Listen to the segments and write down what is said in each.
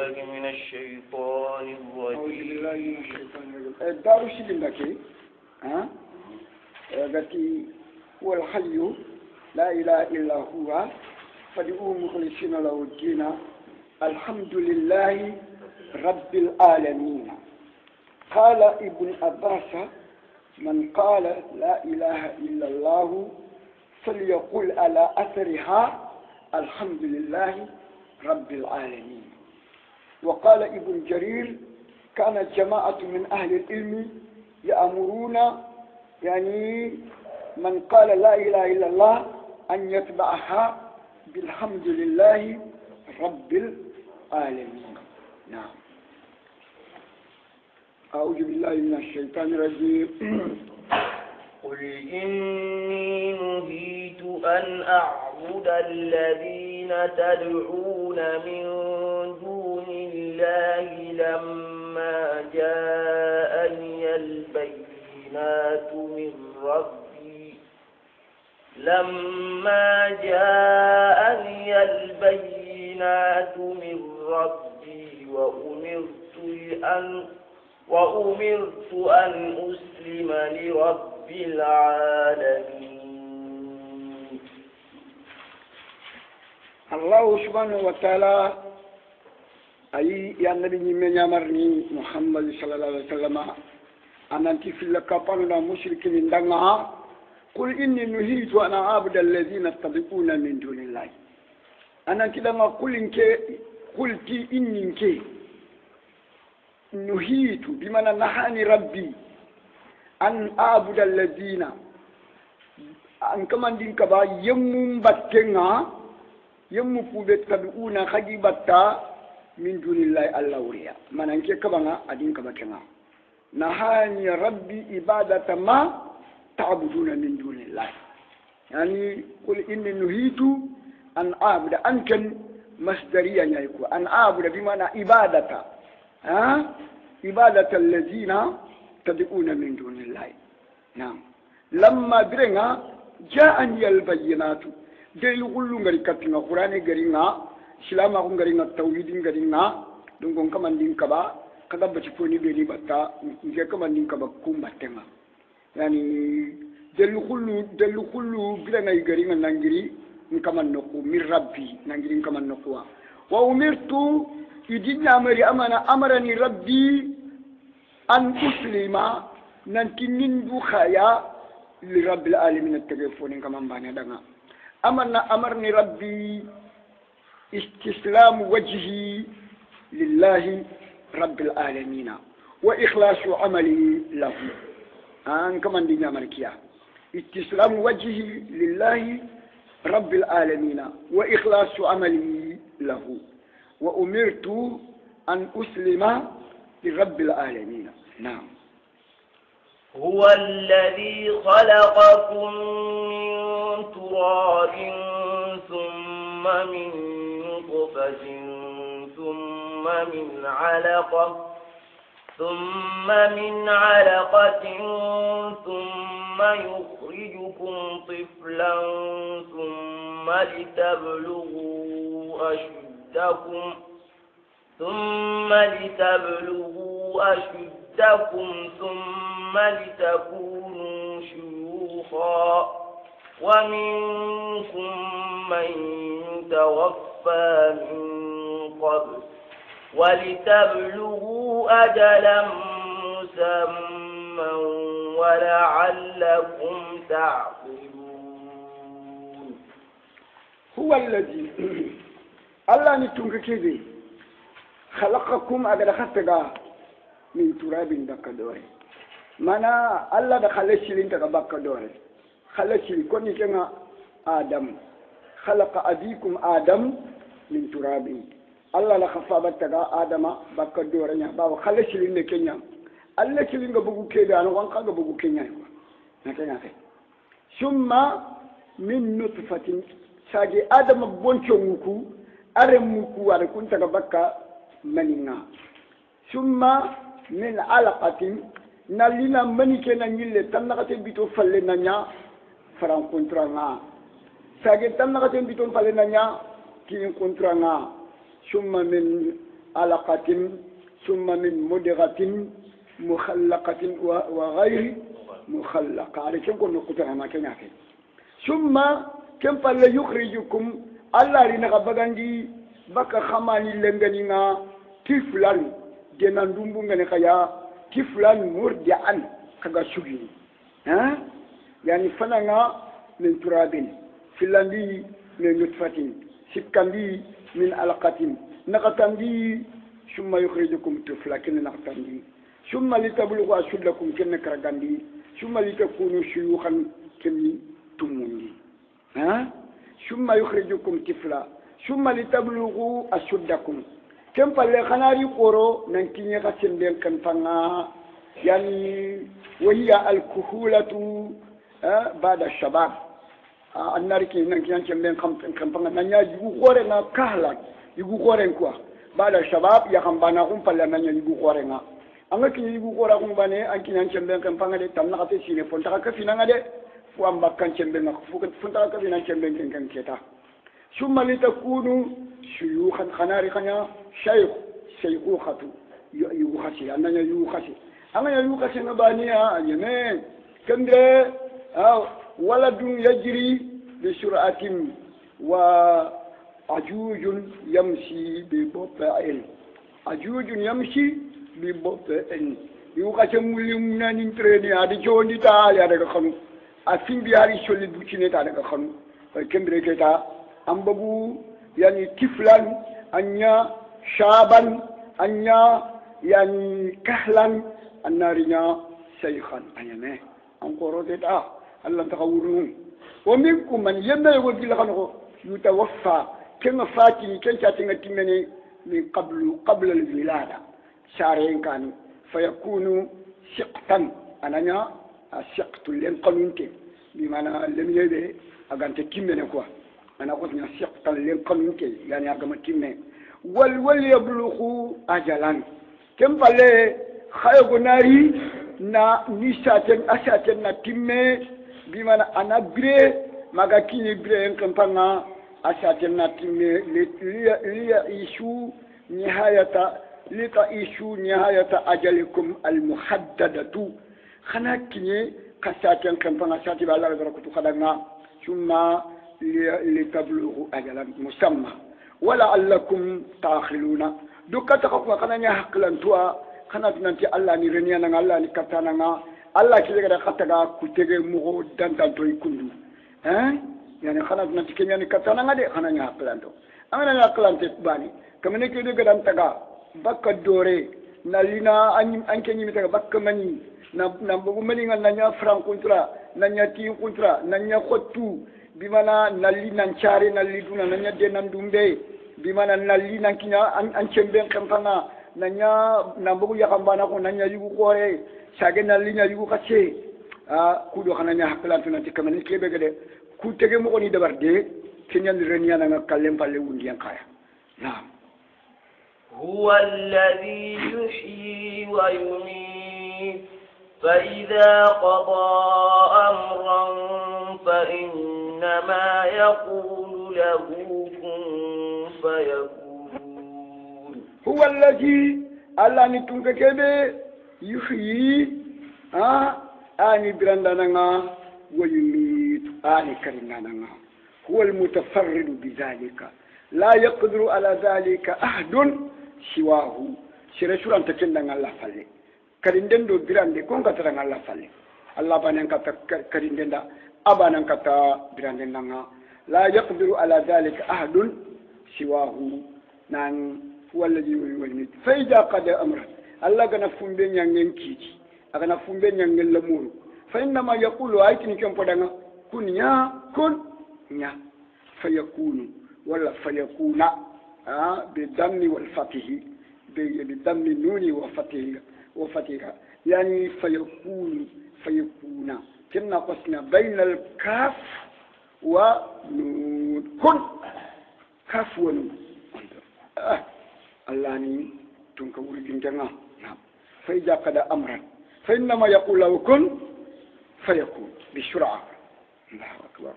أه، ها التي أه، هو الحي لا إله إلا هو فادعوه مخلصين له الدين الحمد لله رب العالمين قال ابن عباس من قال لا إله إلا الله فليقل على أثرها الحمد لله رب العالمين وقال ابن جرير كانت جماعة من أهل العلم يأمرون يعني من قال لا إله إلا الله أن يتبعها بالحمد لله رب العالمين نعم أعوذ بالله من الشيطان الرجيم قل إني نهيت أن أعبد الذين تدعون من دون الله لما جاءني البينات من ربي لما جاءني البينات من ربي وأمرت أن وأمرت أن أسلم لرب العالمين الله سبحانه وتعالى ayi yannabi ñimme ñamar ni muhammad sallallahu w wasallam ananti filla kapanuɗa mushrikin ndanga qul inni nuhitu an abuda alladhina tabiuna min dunillahi ananti ɗanga kulinke inni inninke nuhitu bimana nahani rabbi an abuda alladhina an kamandin kaba yemmum battenga yemmu kuɓe tabiuna hagi batta min dunillahi allah wuriya mananke kabanga adin kaba kenga nahani rabbi ibadata ma ta'buduna min dunillahi yani qul inni nuhitu an abuda anken masdariya yayi ko an abuda bimana ibadata ha ibadata allazina tad'una min dunillahi na'am lamma birenga ja'ani albayyinatu dai lullungari katinga qur'ani garinga silamaku ngari ga tawhidi ngari ga ɗum gon kamandin kaba kada baci ni ɓeni batta nke kamandin kaba kumbattenga yani dellu hullu dellu hullu biranayi gari ga nangiri n kaman ku mirabi rabbi nangiri n kaman nokkuwa wa umirtu idi ñamari amana amarani rabbi an uslima nanti nin du khaya li rabbil alamin tege foni kaman bane danga amanna amarni rabbi استسلام وجهي لله رب العالمين وإخلاص عملي له أن كمان دي مركيا استسلام وجهي لله رب العالمين وإخلاص عملي له وأمرت أن أسلم لرب العالمين نعم هو الذي خلقكم من تراب ثم من نطفة ثم من علقة ثم من علقة ثم يخرجكم طفلا ثم لتبلغوا أشدكم ثم لتبلغوا أشدكم ثم لتكونوا شيوخا ومنكم من توفى من قبل ولتبلغوا أجلا مسمى ولعلكم تعقلون هو الذي الله نتونك كذي خلقكم أجل خطقا من تراب دوري مانا الله دخل الشرين تقبق دوري خلقي كوني كنا آدم خلق أبيكم آدم من تراب الله لا خفا بتغا آدم بك دورنيا باو خلقي لين كنيا الله كلين بوغو كيدا أنا وان كان بوغو كنيا نكنا في ثم من نطفة ساجي آدم بونتو موكو أرم موكو أنا كنت بك منينا ثم من علقة نالينا مني كنا نيلة تنقطع بيتو فلنا نيا faran kuntranga sage tan na katin bitum palena nya kin kuntranga summa min alaqatin summa min mudghatin mukhallaqatin wa ghayri mukhallaqa ala kin kun kutana ma kenya ke summa kin palle yukhrijukum alla rina kabagangi baka khamani lengani nga tiflan genan dumbu ngene kaya tiflan murdian kaga sugini ha yani fananga min turabin filandi min nutfatin sikkandi min alqatin nakatandi summa yukhrijukum tufla kene nakatandi summa litablugu ashuddakum kene karagandi summa litakunu shuyukhan kene tumundi ha summa yukhrijukum tifla summa litablugu ashuddakum ken palle xanari koro nan kiñe xa senden kan fanga yani wahiya alkuhulatu Eh, baada ya shabab annari ah, ki nan ki yanke men kam kam panga nan ya jugu gore na kahla jugu gore kwa baada shabab ya kam bana kum palla nan ya jugu gore na anga ki jugu gore kum bane an ki yanke men kam panga de tamna kate sine fonta ka fina ngade fu am bakkan cembe ngak fu fonta ka fina cembe ken ken keta summa litakunu shuyukhan khanari khanya shaykh shayukhatu yukhasi annanya yukhasi anga yukhasi ngabani ya ah, yemen kendre أو ولد يجري بسرعة وعجوج يمشي ببطء عجوج يمشي ببطء يوكاشا مولم نانين تريني هذا جون دي تالي هذا خنو أفين بياري شولي بوشيني تالي خنو تا كتا أمبغو يعني طفلا أنيا شابا أنيا يعني كهلا النار شيخا أنا ما أنقرضت تا allah taxa wuruhum wo min kuman yemme yogo gilaxanoxo yutawaffa kenga fatini ken catenga timmene min qablu qabla alwilada saren kani fayakunu siqtan ananya a siqtu len kanunte bimana lem yeɓe agante timmene quoi ana kotna siqtan len kanunte yani gama timme wal wal yablugu ajalan ken palle xayogo naari na ni saten a saten na timme bimana ana bire maga kini bire en kampanga asatena timme le liya liya ishu nihayata lita ishu nihayata ajalikum almuhaddadatu khana kinye kasaten kampanga sati bala barakutu khadanga thumma litablughu ajalan musamma ولعلكم تعقلون دكتك قنا حقلا توا خنا تنتي الله ني رنيا الله ني كتانا allah kilegada hattaga kutege mogo dantantoy kundu hein yani hana nanti keñani kattananga de hanaña hakkilanto anganaña hakkilante bani kamane kede gadan taga bakka doore na lina anke ñimitaga bakka mani na bogo maninga naña frankuntura naña tinkuntura naña hottu bimana nalli nancare nalli duna naña de nandumbe bimana nalli nankiña ancemben kempanga naña na bogo yakambana ko naña yugu koore sage nalliña yugu xa see a kuɗo xanaña haqqilantunanti kamane keɓege de ku tege moxoni dabar de keñandireniyananga kallen palle wundiyen xaya naam هو الذي يحيي ويميت فإذا قضى أمرا فإنما يقول له كن فيكون هو الذي الله نتنك كبير yuhyi a ani birandananga wa yumitu ani karingananga huwa almutafarridu bidhalika la yaqdiru ala dhalika ahdun siwahu sere suranta kendanga allah falle kadi nden ɗo birande kon kataranga allah falle allah banen kata kadi ndenda abanan kata birande ndanga la yaqdiru ala dhalika ahdun siwahu nan huwa alladi yumitu fa ida qada amran allah gana fumbe ñangen kiiji agana fumbe ñangen lamuru fa ma yaqulu ni ken podanga kun ña kun ña fa yakunu wala fa yakuna a bi dammi wal fatihi bi dammi nuni wa fatihi wa fatiha yani fa yakunu fa yakuna kinna qasna bayna al kaf wa nun kun kaf wa nun ah, allah ni tun ka wurgintanga فإذا قضى أمرا فإنما يقول له كن فيكون بسرعة الله أكبر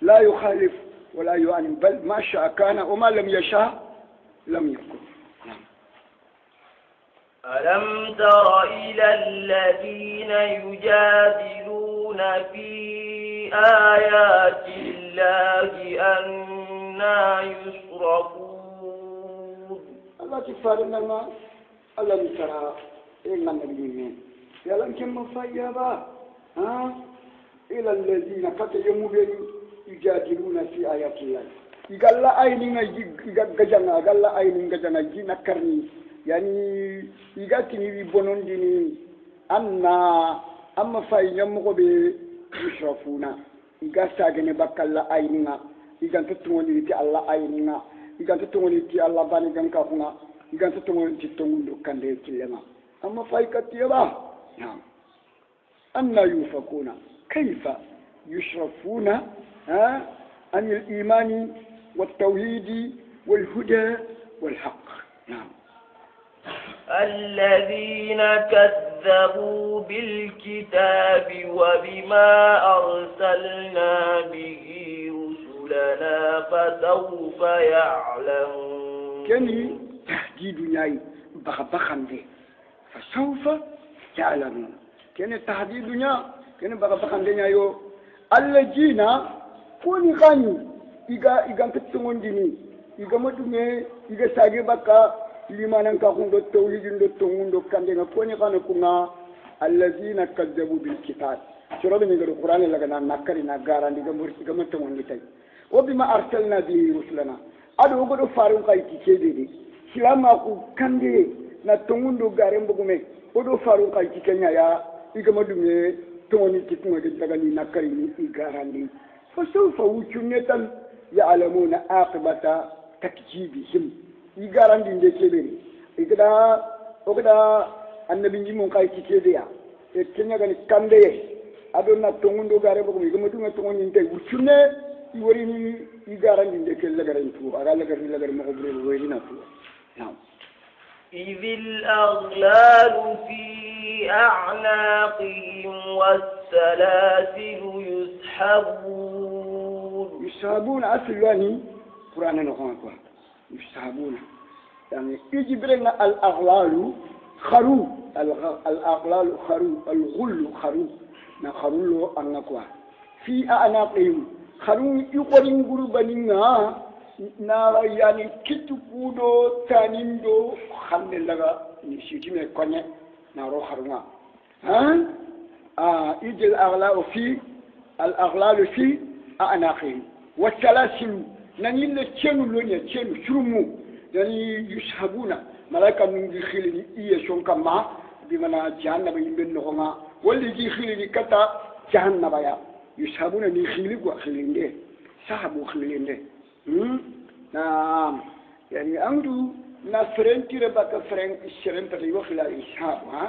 لا يخالف ولا يعلم بل ما شاء كان وما لم يشاء لم يكن نعم. ألم تر إلى الذين يجادلون في آيات الله أنا يصرفون الله تفارنا الناس ألم ترى ila nabiyyin yalankin musayyaba ha ila allazina kata yamubeni yujadiluna fi ayati llahi igalla ayni nga gajanga agalla ayni nga janga jina karni yani igatini wi bonondini anna amma fay ñammogo ɓe musrafuna iga sagene bakkalla ayninga iganta togoniriti allah ayninga iganta togoniriti allah banigan kafunga iganta togoniriti tongundo kande killenga أما فايكة تيضا نعم أن يوفقون كيف يشرفون ها عن الإيمان والتوحيد والهدى والحق نعم الذين كذبوا بالكتاب وبما أرسلنا به رسلنا فسوف يعلمون كني تهديد ناي بخبخا به fasaufa ya'lamu kene tahdidunya kene baka baka ndenya yo allajina kuni kanyu iga iga mpetsongondini iga modume iga sage baka limanan ka kundo tawlidin do tongundo kandena koni kana kunga allazina kazzabu bil kitab sorobe ni ngado qur'an laga na nakari na garandi ga murti ga mtongondi tay wa bima arsalna bihi rusulana ado godo farun kai kikede de silama ku kande na tongundo garen bugume odo faru kan kikenya ya igama dumye toni kitunga ke daga ni nakari ni igarandi fa sawfa ya alamuna aqibata takjibihim igarandi nde kebeni igada ogada annabi njimon kai kikedeya e kenya gani kandeye adona tongundo gare bugume igama dume tongoni nde wuchune iwari ni igarandi nde ke lagaren tu aga lagari lagari mo gobre wo na tu now إذ الأغلال في أعناقهم والسلاسل يسحبون يسحبون أصل يعني قرآن نقوم يسحبون يعني يجبرنا الأغلال خرو الأغلال خرو الغل خرو نخرو أنقوا في أعناقهم خرو يقرن قلوبنا nawa yani kittu kuuɗo tanin ɗo hande laga ni sitime koñe naro harunga han a ije alalau fi al ahlalu fi a anaqihim wa salasim nanille cenu loña cenu surmu yani yushabuna malaika mungi xilini iye sonka ma bimana jahannaba yimɓe noxonga walligi xilini kata jahannabaya yushabuna ni xili quoi xilinde sahabu xilinde نعم يعني نفرن نفرنتي ربك فرن الشرم بتي وخلا إسحاب ها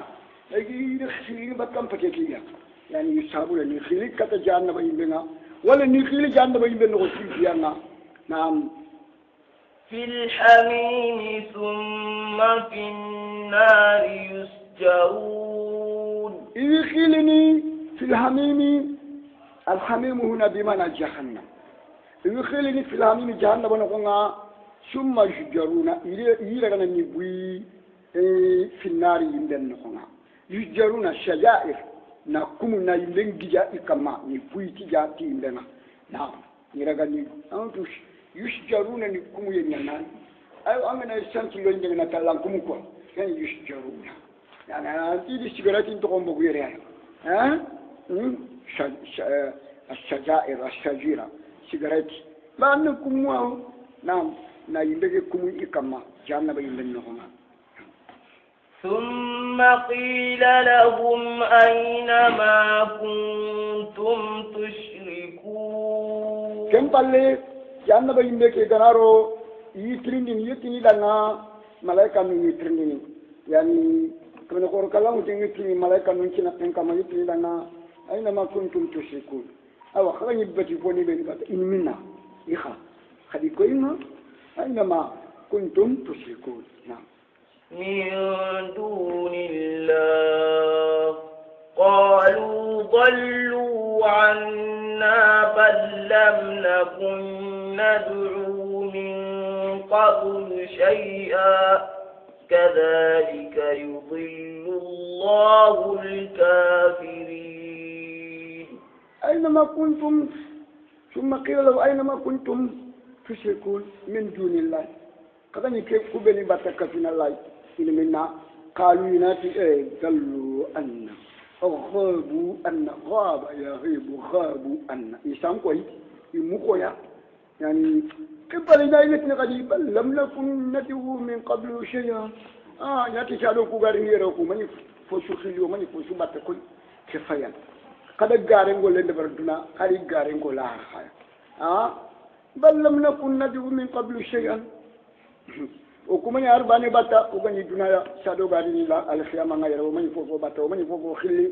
أجي رخسين بكم بتي يعني إسحاب ولا نخيل كتا جانب بيننا ولا نخيل جانب بيننا وسيفيانا نعم في الحميم ثم في النار يسجرون إذ خلني في الحميم الحميم هنا بمعنى جهنم يخليني في الهمين جهنم ونقونا ثم يجرون يلغنا نبوي إيه، في النار يمدن نقونا يجرون الشجائر نقوم نيلن جيا إكما نبوي تجا تيمدنا نعم يلغنا نبوي يشجرون نقوم يمدن أيو أنا سنت لون جنا تلان كم كم كان يشجرون يعني أنا تيجي انتو قم بقولي يعني. ها أه؟ الشجائر الشجيرة cigareti ɓa ne kumwa na na yimbege kumu i kamma jannaba yimben nogonga ثم قيل لهم أين ما كنتم تشركون كم بالي جانا بين بك إدنارو يترندين يتني لنا ملايكة من يترندين يعني كما نقول كلام يترندين ملايكة من كنا كما يترندين لنا أين ما كنتم تشركون أو خرج بتي فوني بين بات إن منا إخا خدي كوينا أينما كنتم تشركون نعم من دون الله قالوا ضلوا عنا بل لم نكن ندعو من قبل شيئا كذلك يضل الله الكافرين أينما كنتم ثم قيل له أينما كنتم تشركون من دون الله kada ni ke kubeni bata kafina lai ini minna qalu yunati e gallu anna ghabu anna ghaba ya ghibu ghabu anna isam koy imu koya yani kibali na yitni kadi bal lam nakun natihu min qablu shay'a ah yati shalo ku garin yero ku mani fo su khiliyo mani fo su bata koy kifayan kada garengolle ndefarantuna hari garengolla har haya a bal lam nakun nadibu min qablu cheyan o kumañi har bane batta ogañi dunaya saɗo garinila alkiyamanga yara omañi fofo batta omañi fofo xilli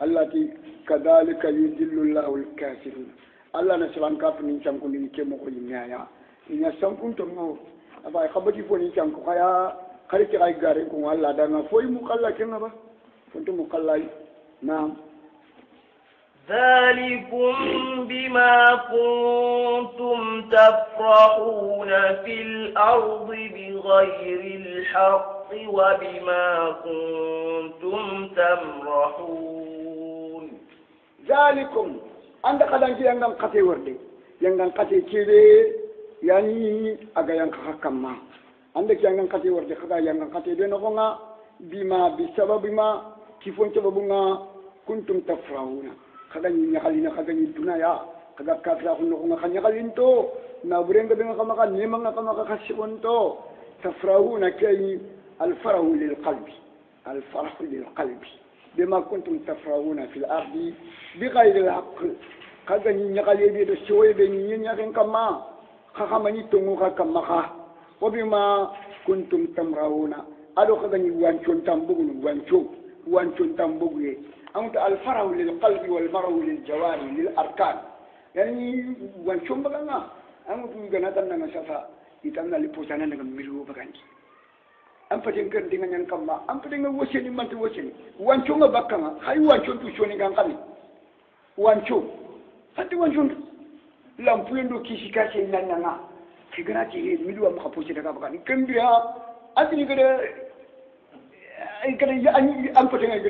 allah ti kadalika yudillu llahu lkafirina allah na silan kafirin cankundini ke mogo ñaya ña sankuntongo afa xabati foni canko xaya xari ke xay garen kongo allah danga foyi mu xalla kenga ba fonto mu xallay naam ذلكم بما كنتم تفرحون في الأرض بغير الحق وبما كنتم تمرحون ذلكم عند قدان كي يندم قتي وردي يندم قتي كيدي يعني أجا ينكح كما عند كي قتي وردي خدا يندم قتي دي نغنا بما بسبب ما كيفون تبغونا كنتم تفرحون kaga ni nyakali na kaga ni tunaya kaga kafra kun ko kan yakalin to na burenga be ngaka maka ni manga kama ka kasibon to tafrahuna kai الفرح للقلب الفرح للقلب بما كنتم تفرحون في الأرض بغير الحق قد نيغالي بي دو شوي بي ني نيغن كما خخمني تونغو كما خا وبما كنتم تمرون ادو خدني وانچون تامبغن وانچون وانتم تنبغي أنت الفرح للقلب والمرح للجوارح للأركان يعني وانتم بغنا أنت يغنا تنن مسافة يتمنى لبوسانا نغم ملو بغاني أم فتن كن دينا ينكما نعم أم فتن وسني من توسني وانتم بكما خاي وانتم تشوني غانقلي وانتم أنت وانتم lampuyen do kisi kase nanana kigana ti he milu am khaposi daga bakan kembira atini gade kene ani an pate ngai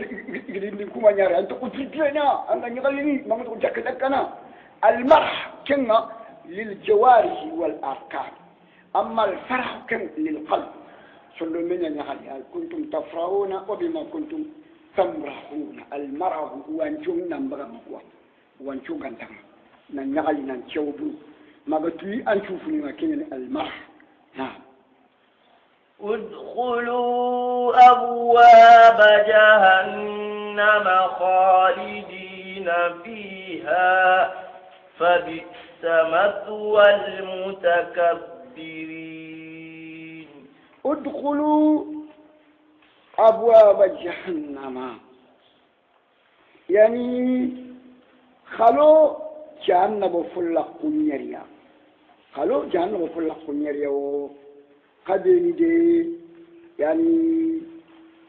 gidi ni kuma nyare an to kutitena an ngi galini mamu to jakka dakana al marh kenna lil jawarih wal arkan amma al farh ken lil qalb sallu min ya hal kuntum tafrauna wa bima kuntum tamrahuna al marh huwa anjum nan baga makwa wancu gandam nan nyagali nan cewbu maga tuyi an tufuni ma kenen al marh na ادخلوا أبواب جهنم خالدين فيها فبئس مثوى المتكبرين ادخلوا أبواب جهنم يعني خلو جهنم فلق نيريا خلو جهنم فلق نيريا haɓeni de yani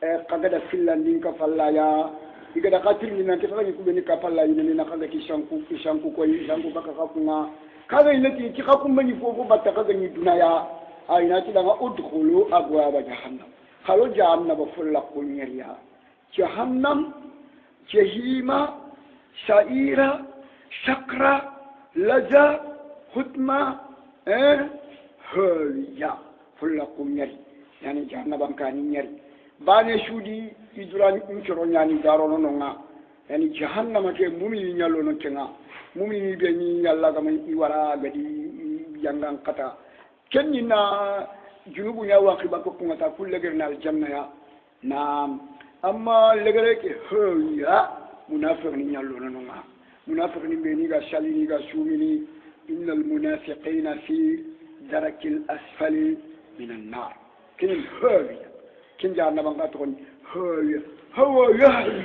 eh, kagada filandi ka ya igada ka tirminanke tagañi kuɓeni ka fallayinanina kaga ki sanku ki sanku koy sanku baka ka kunga kaga inati ki ka kumbeñi fofo batta kagañi dunaya a inatiɗanga udhulu abwaba jahannam halo jahannaba folla kuñeriya jahannam jahima sa'ira sakra laja hutma eh, holiya fullakum ñari yani jahannabankani ñari bane suudi idura ncoro ñani darono nonga yani jahannama ke mumini ñallono kenga mumini ɓe ni ñallagama i wara gadi jangan kata kenni na junubu ña waqiba ko kungata ku legere na aljannaya naam amma legere ke hoya munafiq ni ñallono nonga munafiq ni ɓe niga salini ga suumini inna almunafiqina fi daraki al asfali من النار كن هاوية كن جعلنا من قاتل هاوية هوا يهوي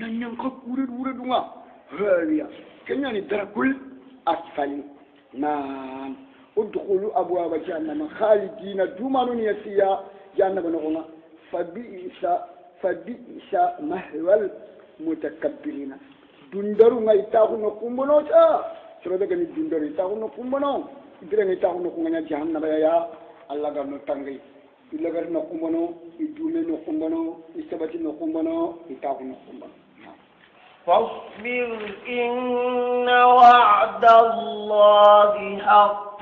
نن ينقب ورد ورد ما هاوية كن يعني دركل أسفل نعم ادخلوا أبواب جهنم خالدين جمال يسيا جهنم نغنى فبئس فبئس مهوى المتكبرين dundaru nga itaku no kumbono cha sura daga ni dundaru itaku no kumbono idira ni itaku no kunganya jahannama ya allah gar no tangay i lagati no kumbano i duume no kumbano i sabati no kumbano i taaku no kumbano فاصبر إن وعد الله حق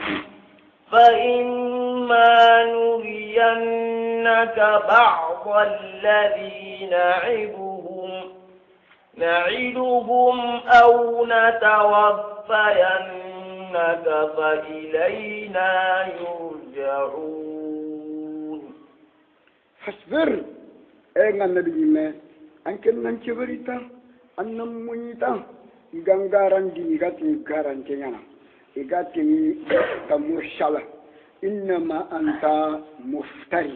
فإما نرينك بعض الذي نعدهم نعدهم أو نتوفينك فإلينا يرجعون ترجعون فاصبر أين النبي ما أنك لن تبريتا أن مونيتا gangaran di gati garan kenyana igati ta mushala inna ma anta muftari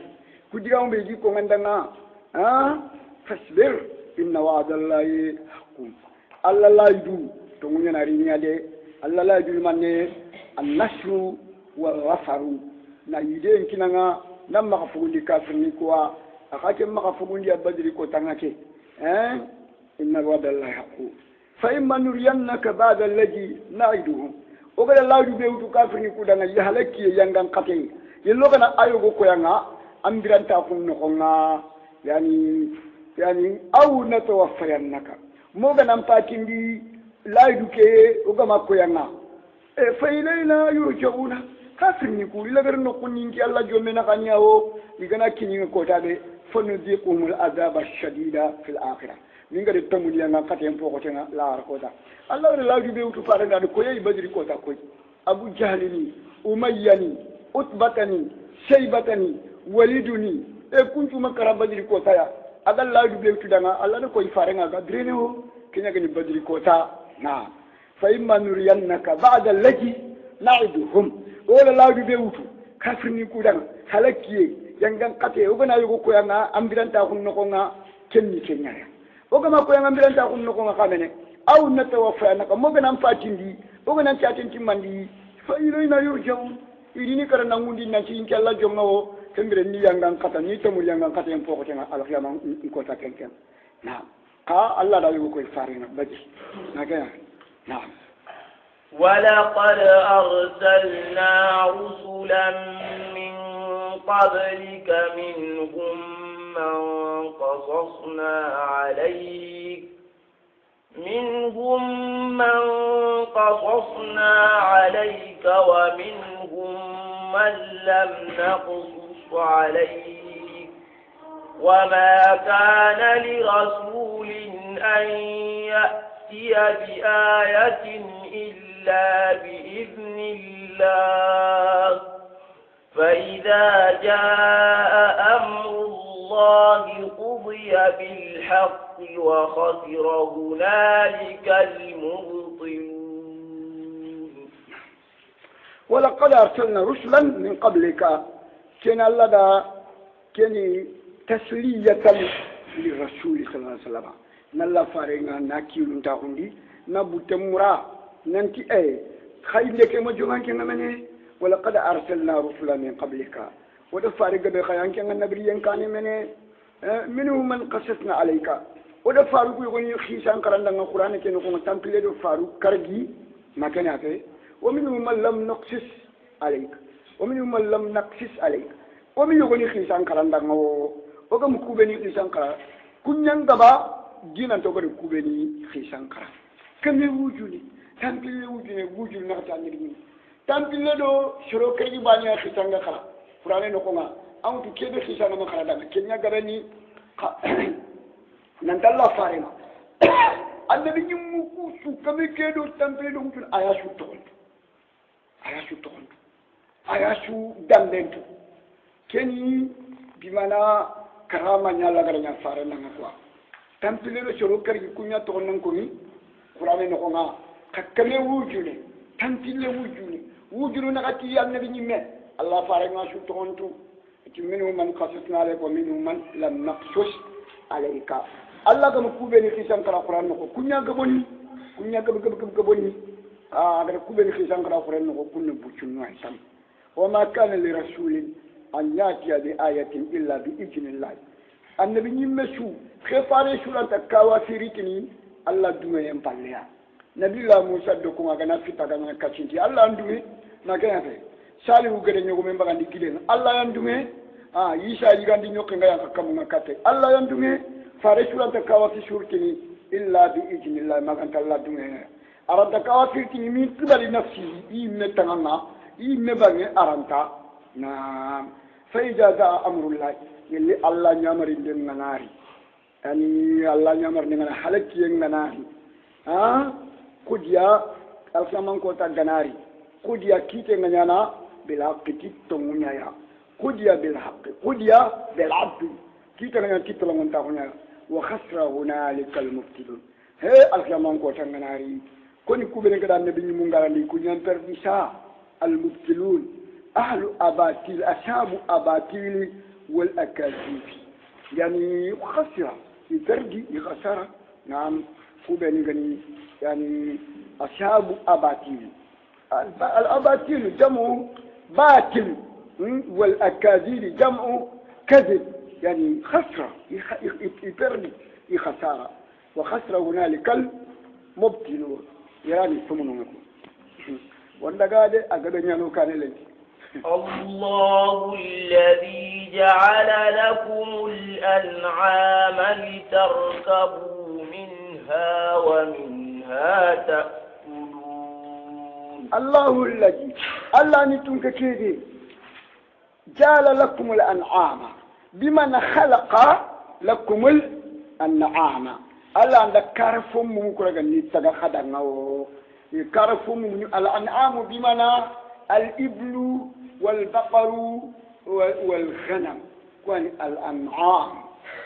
kudiga umbe gi ko ngandanga ha fasbir inna wa'dallahi haqqun alla la yudu to munya na rinya de alla la yudu manne annasru wa ghafaru na yiden kinanga nan maka fugundi kafirni kuwa a kake maka fugundi a ko tanga ke eh inna wadallahi haqqu fa imma nuriyannaka ba'da allazi na'iduhum o gada lawju be wutu kafirni ku danga ya halaki yangan kate yello kana ayo go koyanga ambiranta kun no konga yani yani aw natawaffayannaka mo ganan patindi lawju ke o gama koyanga e fa ilayna yurja'una kafirni ku ilagar no kunninki allah jommena ka ñawo igana kiñinga kotaɓe فنذيقهم العذاب الشديد في الآخرة min gadi tamudi yanga katen pokotenga ko ta allah wona laaju ɓe wutu faare ngaɗo koyeyi badiri kota koy abou jahli ni Umayyani Utbatani Shaybatani ni e ni walidu ni e ko ta ya badiri la aga laaju ɓe wutudanga allah ɗo fa faarenga ga kinya gani badri badiri ta na fa imma nuriyannaka bada allati naiduhum wala lawdi ɓe wutu kafirni kudan halakkiye yangan kate ogana yogo koyanga ambiranta kun nokonga kenni keñaya ogama koyanga ambiranta kun nokonga kamene aw natawafayanaka moganan fatindi oganan catentimandi fa ilayna yurjaun idini kara nangundi nanci inke allah jonga o kembire ni yangan kata ni tamur yangan kata en fokotenga alkiyama nkota kenken naam ka allah da yogo koye farina baji nagaya naam ولقد أرسلنا رسلا من قبلك منهم من قصصنا عليك منهم من قصصنا عليك ومنهم من لم نقصص عليك وما كان لرسول أن يأتي بآية إلا إلا بإذن الله فإذا جاء أمر الله قضي بالحق وخسر هنالك المبطلون ولقد أرسلنا رسلا من قبلك كان لدى كان تسلية للرسول صلى الله عليه وسلم نلا فارنا ناكيل تاخندي نبو تمرا ننتي أي خير لك مجوان كنا مني ولقد أرسلنا رسلا من قبلك ودفارق بخيان كنا نبريا كان مني أه، منهم من قصصنا عليك ودفارق يغني خيسان قرن لنا القرآن كنا كنا تنقل دفارق كرجي ما كان هكذا ومنهم من لم نقصص عليك ومنهم من لم نقصص عليك ومن يغني خيسان قرن لنا وكم كوبني خيسان قرن كنن دبا دينا تغني كوبني خيسان قرن كم يوجوني tampille wutine gujul nakata ngir ñin tampille ɗo soro keji baña xisanga xara furane nokonga antu keɓe xisanama xara danga keña gaɓeni nantalla farema annabi ñimmu ku sukkame keɗo tampille ɗo ngutun aya su toxontu aya su toxontu aya su dandentu keni bimana karama ñallagaraña farenanga quoi tampille ɗo soro kergi kuña toxonnankomi furane noxonga kakkame wujune tampille wujune wujunu nakati annabi ñimme allah farema su toxontu ti minhu man kasasna alayka wa minhu man lam naqsus alayka allah gama kuɓeni xisankara xuran noxo kuña gaɓonni kuña gaɓ gaɓ gaɓ gaɓonni a agata kuɓeni xisankara xuran noxo kunna buccunno ay sam wama kana li rasulin an yatiya bi ayatin illa bi idnillah annabi ñimme su xe fare suranta kawafiritinii allah dumeyen palleya nabila musa dokunga kana fipa kana kacinti alla andume na salihu gere ñogomen mbagandi gilen alla yandume a yigandi ñokkenga yanka kamunga katte alla yandume fare kawasi surtini illa bi ijinillahi maganta alla dumeya aranta kawa min kibali nafsihi iyimme tanganga iyimme bange aranta na fa daa amrullahi yelli allah ñamarinden nganaari ani allah ñamarinde ngana halakiye nganaari kudiya alkaman kota ganari kudiya kite nganyana bil haqqi kittongunyaya kudiya bil haqqi kudiya bil abdi kite nganyana kittolangonta kunyaya wa khasra hunalika almubtilun he alkaman kota ganari koni kubene kada nabi ni mungalandi kunyan perdisa almubtilun ahlu abatil ashabu abatili wal akazibi يعني خسر يترجي يخسر نعم وبين يعني يعني أصحاب أباطيل الأباطيل جمع باطل والأكاذيب جمع كذب يعني خسرة يبرد خسارة وخسرة هنالك المبطل يعني ثمن وأنت قاعدة a gadon yano كان laifi الله الذي جعل لكم الأنعام لتركبوا ومنها تأكلون الله الذي الله نتون كيدي جعل لكم الأنعام بمن خلق لكم الأنعام الله عندك كارفهم ممكن أن يتسجل خدنا كارفهم الأنعام بمن الإبل والبقر والغنم الأنعام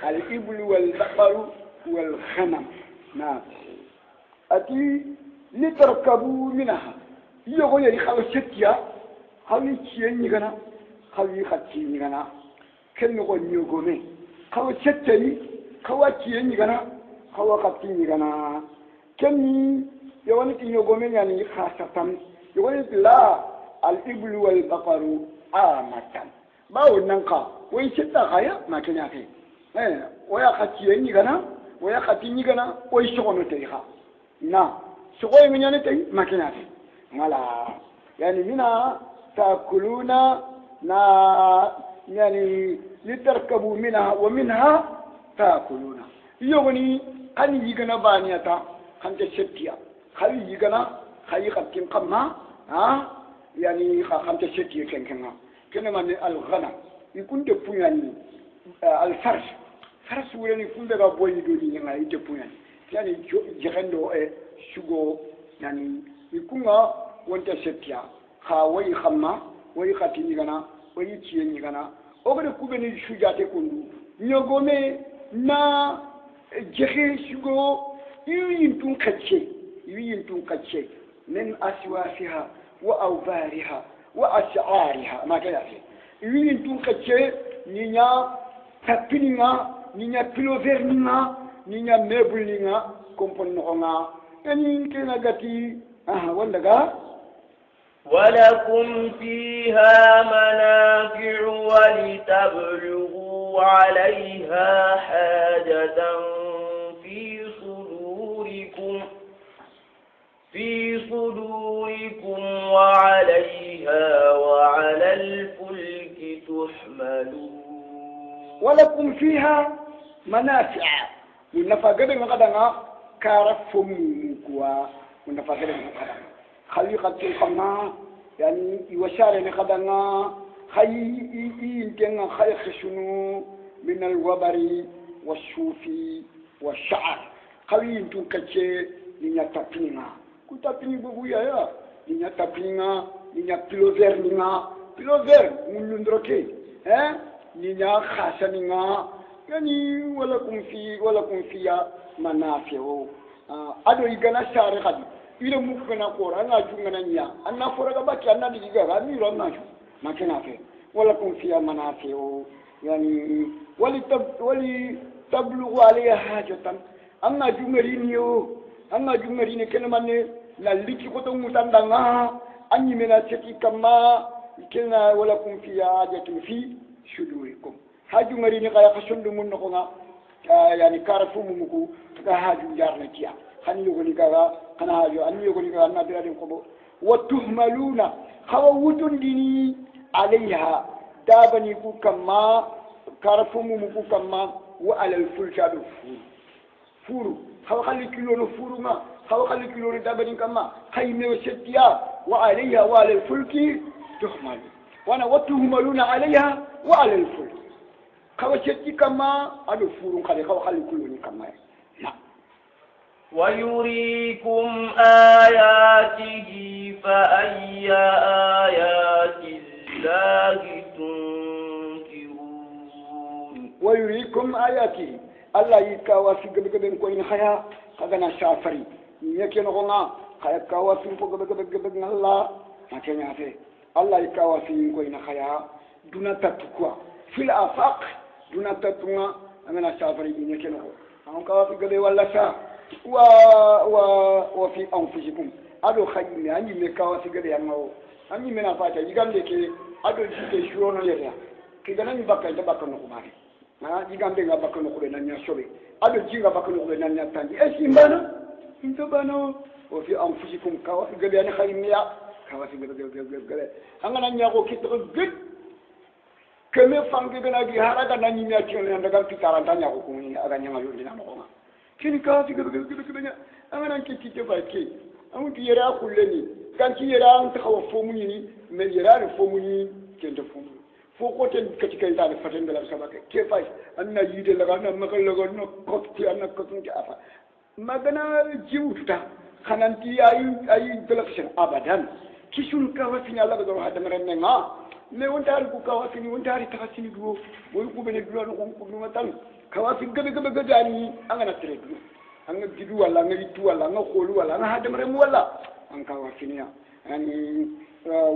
الإبل والبقر والغنم نعم أتي لتركبوا منها يقول يا إخوة ستيا هاي تشيني كنا هاي خاتيني كنا كن نقول نيوكوني هاي ستيا هاي تشيني كنا هاي خاتيني كنا كن يقول لك نيوكوني يعني خاصة يقول لك لا الإبل والبقر آمة ما هو ننقى وين ستا غاية ما كان يا أخي إيه ويا خاتيني كنا oya khati ñigana oy sogono tey xa na sogoye ŋiñane tey makinate ngala yani mina taakuluna na yani litarkabu minha wa minha taakuluna iyogoni xani yigana baniyata xante settiya xawi yigana xayi xa kin xamma a yani xa xante settiye kenkenga kene mane algana ikunte puñani alfarge fara sugureni kumbe ga boyi do ni nga ite punya yani jihendo e eh, sugo yani ikunga wonta setia kha wayi khamma wayi khati ni gana wayi ciye ni gana o gade kube ni sujate kundu nyogome na jehe sugo yuyin tun kace yuyin tun kace min aswasiha wa awbariha wa ash'ariha ma kaya yuyin tun kace ni nya tapininga niña pilover ninga niña meuble ninga kompon noxonga eni kena gati aha wandaga ولكم فيها منافع ولتبلغوا عليها حاجة في صدوركم في صدوركم وعليها وعلى الفلك تحملون ولكم فيها منافع ونفع قدم غدنا كارفهم كوا ونفع قدم غدنا خلي قد تلقنا يعني يوشار غدنا خي إنتنا خي خشنو من الوبر والشوفي والشعر خلي إنتون كتشي نيا تابينا كو تابيني بويا يا نيا تابينا نيا بلوزر نيا بلوزر مولندروكي ها نيا خاشنينا gani wala kum fi wala kum fiya manafi'u ah, ado igana sare khadi ila mukana kora anga jungana nya anna fora ga baki anna diga ga mi ro na shu makina fe wala kum fiya manafi'u yani wali tab wali tablughu alayha hajatan anga jungari ni yo anga jungari ne kana manne la liki ko to mutandanga anyi mena cheki kama kina wala kum fiya fi shudurikum haju ngari ni kaya kasundu mun no nga yani karafu mu ko ka haju jarna tiya hani yugo ni kaga kana haju anni yugo ni kaga na biradin ko wa tuhmaluna hawa wutun dini alaiha dabani ku kamma karafu mu ku kamma wa alal fulshadu furu hawa khalli kilo no furu ma hawa khalli kilo no dabani kamma khayme wa shatiya wa alaiha wa alal fulki tuhmalu wana wa tuhmaluna alaiha wa alal fulki كوشتي كما kamma aɗo fuurun kade kawa halli kulloni kamma na ويريكم آياته فأي آيات الله تنكرون ويريكم آياته الله يكاوى سيقب قبن كوين خيا خغنا شافري نيكي نغنا خيا كاوى سيقب قبن قبن الله ما كان الله يكاوى سيقب قبن خيا دون تتكوى في الآفاق duna tatunga angana safari jinye kenogo wafi figabe walla sa wa wa wa fi anfusikum ado khajime anyime kawa figabe angawo anyime na fata yigande ke ado jike shurono yeda kigana ni bakka ita bakka no kumare ha yigande nga bakka no kubena nya shobe ado jinga bakka no kubena nya tanji esimbana eh, intobano wa fi anfusikum kawa figabe ani khajime ya kawa figabe gele angana nya ko kitro git keme fange bena gi haraga na nyimya tione ndaga pikara ndanya ko kuni aga nyama yuri na mo kini ka ti gbe gbe gbe nya amana ki ki ba ki amu ti yera kulleni kan ti yera an ta hawa fo muni ni me yera ni fo muni ken da fo muni fo ko ten ka kai ta da faten da sa ba ke ke fa anna yide la ga na makal la ga no ko ti anna ko tun ki afa magana jiwuta kananti ayi ayi dalakshin abadan kishun kawafini alla ɓe garo hadamarenmen ha mais wontaari ko kawafini wontaari tahasini duwo woyi kuɓene duwano kon kuɗuma tan kawafin gaɓe gaɓe gaɓe ani angana tere duwo anga gidu walla anga ittu walla anga hoolu walla anga hadamaremu walla an kawafiniya yani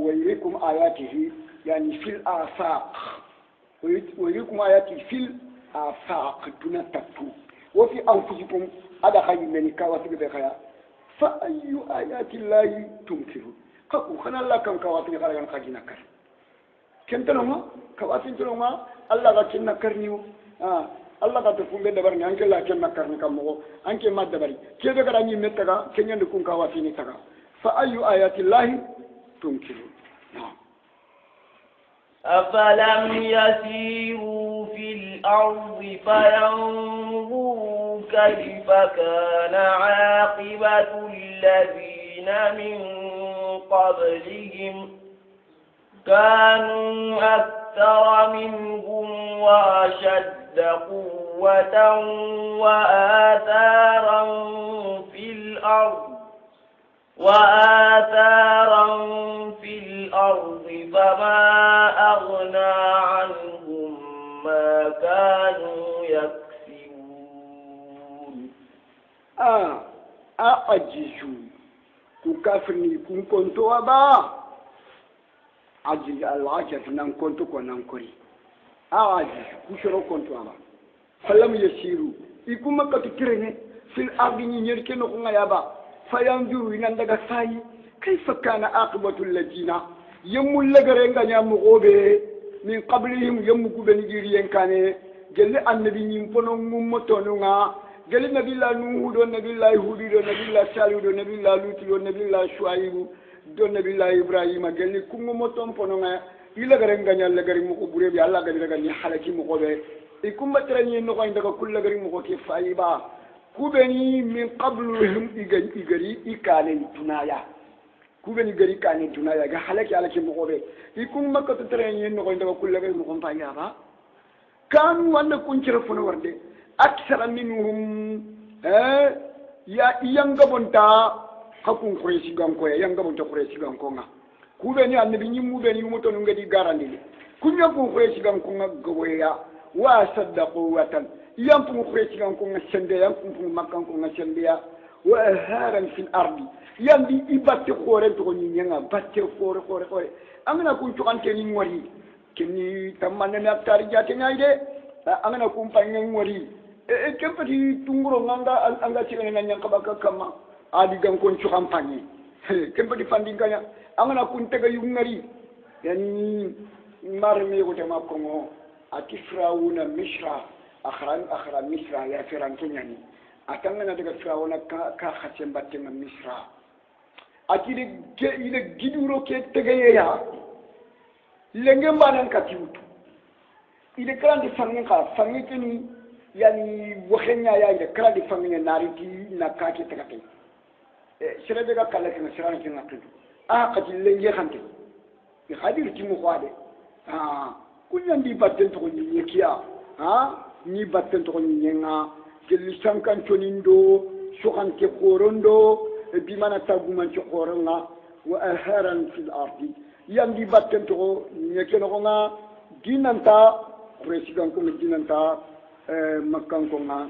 wayrikum ayatihi yani fil afaq wayrikum ayatihi fil afaq duna tattu wo fi anfusikum aɗa hayimeni kawasiɓe ɓe haya fa ayu ayati llahi tunkirun kaku kana Allah kan kawati ni karagan kagi nakar kentano ma kawati tano ma Allah ga kin nakar ni ah Allah ga tafun be dabar ni anke la kin nakar ni kamo anke ma dabari ke be kada ni metta ga kenyan kun kawati ni taga fa ayu ayati llahi tunkiru أفلم يسيروا في الأرض فينظروا كيف كان عاقبة الذين من قبلهم كانوا أكثر منهم وأشد قوة وآثارا في الأرض وآثارا في الأرض فما أغنى عنهم ما كانوا يكسبون آه، أعجزون ukafni kun kontowa ba aji alaka nan konto ko nan kori a aji kushoro kontowa ba falam yasiru ikuma katu ne fil ardi ni nyerke no ko ngaya ba fayanzuru nan daga sayi kaifa kana aqibatu alladina yemmu lagare nganya mu gobe min qablihim yemmu kubeni jiriyen kane gelle annabi nyim pono ngum motonunga قال نبي الله نوح دون نبي الله هود دون نبي الله صالح دون نبي الله لوط دون نبي الله شعيب دون نبي الله إبراهيم قال لي كم متم فنونا إلا غرين غني الله غرين مقبورة بي الله غرين غني حلقي مقبورة إكم بترني نقول عندك كل غرين مقبورة فايبا كوبني من قبل هم إيجري إيجري إكالين تنايا كوبني غري كان تنايا غحلقي على كم مقبورة إكم ما كترني نقول عندك كل غرين مقبورة فايبا كانوا أنا كنت رفنا ورده akthara minhum eh ya iyanga bonta hakun quraishi ganko ya yanga bonta quraishi ganko nga kube ni annabi nyimmu be ni muto nunga di garandi kunya ku quraishi ganko nga goya wa saddaqu watan yam pu quraishi ganko nga sende yam pu makkan ko nga sende ya wa haran fil ardi yam bi ibatte khore to ni nyanga batte khore khore khore amna kun chukante ni ngori kini tamman na tari jate ngai de amna ngori e eh, kempati tunguro nganda anga chilene na nyankabaka kama adi gankon chukampani kempati fandinganya angana kuntega yungari yani marme kongo ati frauna mishra akhran akhra mishra ya firan kenyani atangana daga frauna ka ka khatemba tema mishra ati de ile giduro ke tegaye ya lenge manan katiutu ile kalande sangen ka sangen yani wakhenya ya ida kala di famine nariti na kake takate sira daga kala kana sira kin na tudu a qatil le ye khante ni khadir ti mu khwade ha kunyan di batten to ni yekiya ha ni batten to ni yenga gelli sankan tonindo sukan ke korondo bimana taguman ci koronga wa aharan fil ardi yandi batten to ni yekeno nga dinanta president ko dinanta مكان كنا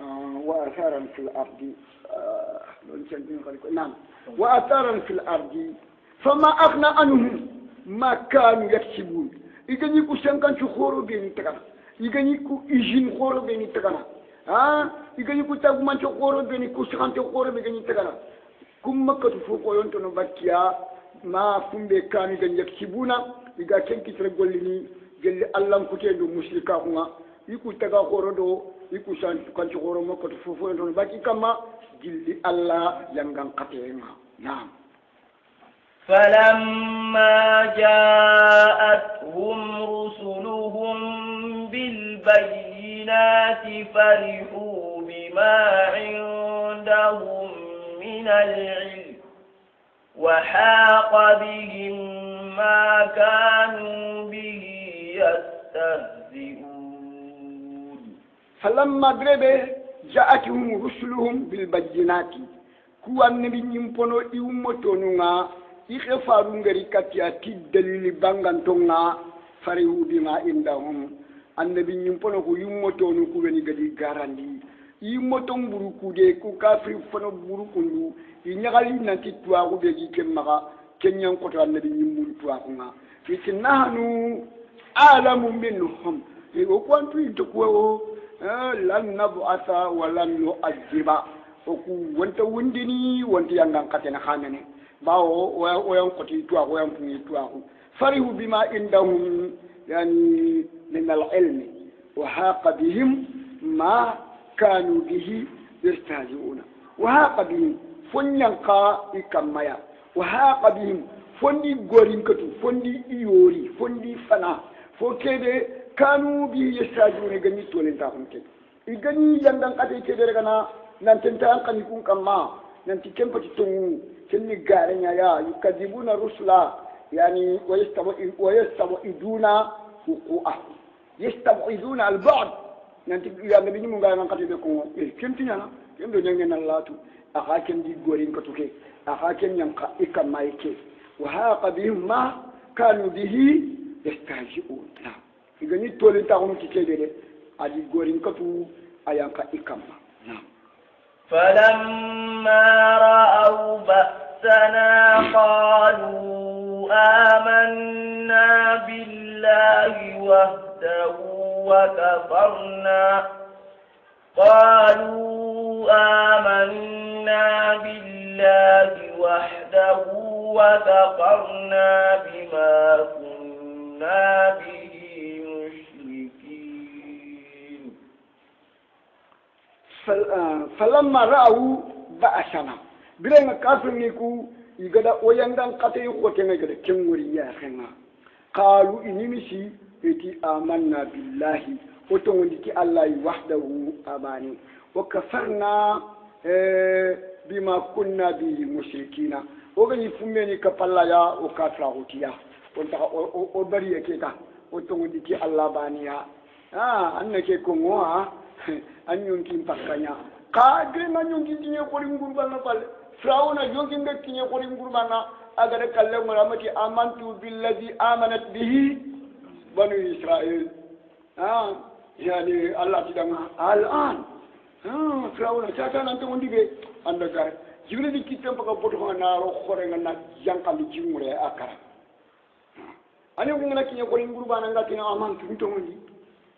آه، وأثارا في الأرض آه، نعم وأثارا في الأرض فما أغنى عنهم ما كانوا يكسبون إذا يكو سنكن خورو بيني تكنا إذا يكو إجين خورو بيني تكنا آه؟ ها إذا يكو تاغمان خورو بيني كوسكان خورو بيني تكنا كم مكة فوق ينتون بكيا ما فمبي كانوا يكسبون إذا كان كتر قولني جل الله كتير مسلكا هنا iku taga horo do iku san kanci horo ma ko fufu en don baki kama jilli alla yangan qatema na'am فلما جاءتهم رسلهم بالبينات فرحوا بما عندهم من العلم وحاق بهم ما كانوا به يستهزئون falamma drebe ja'atuhum rusuluhum bilbayinati ku annabi ñimpono i ummotonunga i xe farungeri katiya ti dalili bangantonga farihudima indahum annabi ñimpono ku yummotonu ku weni gadi garandi i moton burukude ku kafiri fano burukundu i ñagali nanti tuwaku be gi ke maga kenñankoto annabi ñimbun tuwakunga iti nahanu alamu minhum e, o kuwantu into Eh, asa wala wa ajiba o ku wanta wundini yang yangan katena hanene bawo yang koti tuwa yang pungi tuwa farihu bima indahum yani min al-ilmi wa haqa bihim ma kanu bihi yastahzi'una wa haqa bihim ka ikamaya wa haqa bihim fondi gorinkatu fondi iyori fondi fana fo kede kanu bi yastajuna gani to len ta kun ke igani yandan kade ke daga na nan tin ta kan kun kamma nan ti kempa ti tun kin ni garanya ya yukadibuna rusula yani wayastamuiduna huquqa yastamuiduna albad nanti yanga bi ñumu ngaa nankati be ko kemti ñana kem do ñangi na laatu aha kem di gorin ko tuke aha kem ñam ka ikam may ke wa haqa bihim ma kanu bihi yastahzi'un igani tolin ta hono kikebe de adi gorin katu ayanka ikamma فلما رأوا بأسنا قالوا آمنا بالله وحده وكفرنا قالوا آمنا بالله وحده وكفرنا بما كنا به Ah, falamma ra'ahu ba'asana birenga kafirniku igada oyangan kate yukotena igada kengori yaxenga qalu inimisi eti amanna billahi otongonditi allahi wahdahu abani wa kafarna eh, bima kunna bihi mushrikina ogañi fummeni kapallaya o kafirahutiya on taxa o bariye keta o tongonditi allah baniya an ah, na ke kongo ah. an yonkin pakkanya ka gre na yonkin kinye kori ngurban na balle firawuna yonkin da kinye kori ngurba na agare da kalle muramati amantu billazi amanat bihi banu israel ah yani allah tidanga al an firawuna tata nan ta wondi be anda gare jibril di kitam paka boto na ro khore ngana yankali jimure akara ani nguna kinye kori ngurba na ngatina amantu ntomondi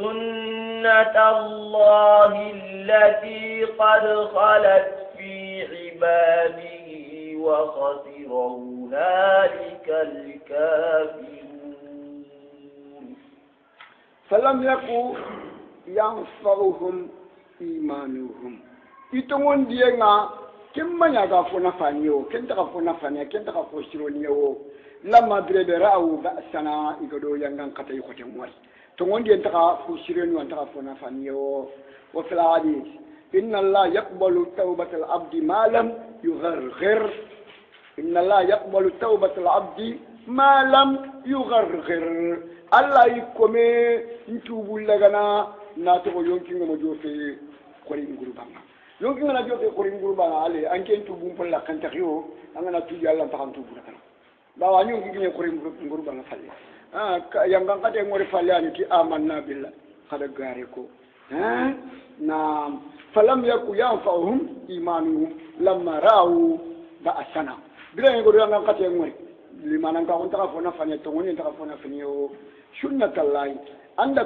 سنة الله التي قد خلت في عباده وخسر هنالك الكافرون فلم يكن ينفعهم إيمانهم يتمون دينا كم من يغفونا فانيو كم تغفونا فانيو كم تغفو شرونيو لما بربراو بأسنا يقولوا ينغن قطعي ختموري تونجي انتقى فوشيرين وانتقى فنافاني وفي الحديث إن الله يقبل توبة العبد ما لم يغرغر إن الله يقبل توبة العبد ما لم يغرغر الله يكومي نتوبو لغنا ناتو يونكين مجوفي قرين غربانا يونكين مجوفي قرين غربانا علي أنك نتوبو مبلا كنتخيو أنا نتوبو الله نتوبو لغنا باوا نيونكين قرين غربانا فالي Ah, yanga kade ngori falani ti amanna billah kada gare ko eh? na falam yaku yanfa'uhum imanuhum lamma ra'u ba'asana bila ngor yanga kade ngori limanan ka on taka fona fanya to ngoni taka fona fanya o sunnatallahi anda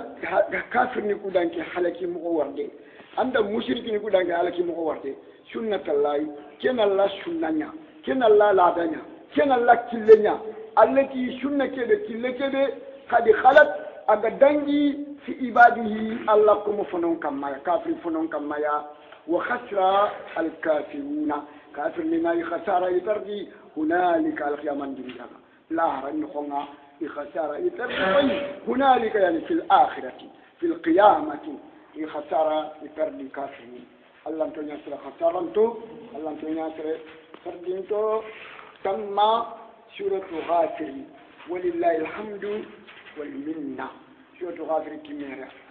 kafir ni kudanke halaki mo warde anda mushriki ni kudanke halaki mo warde sunnatallahi kenalla sunnanya kenalla ladanya kenalla killenya allati sunna keɓe kille keɓe kadi halat aga dangi fi ibadihi allah komo fonon kammaya kafir fonon kammaya wa hasra alkafiruna kafir ninayi hasara i tardi hunalika alkiyamandiriyama laharanni honga i hasara i tardi koy hunalika yani fi lakhirati fi lqiyamati i hasara i tardi kafirun allahnto ñasira hasaranto allahnto ñasire tardinto tamma سورة غافر ولله الحمد والمنة سورة غافر كميرة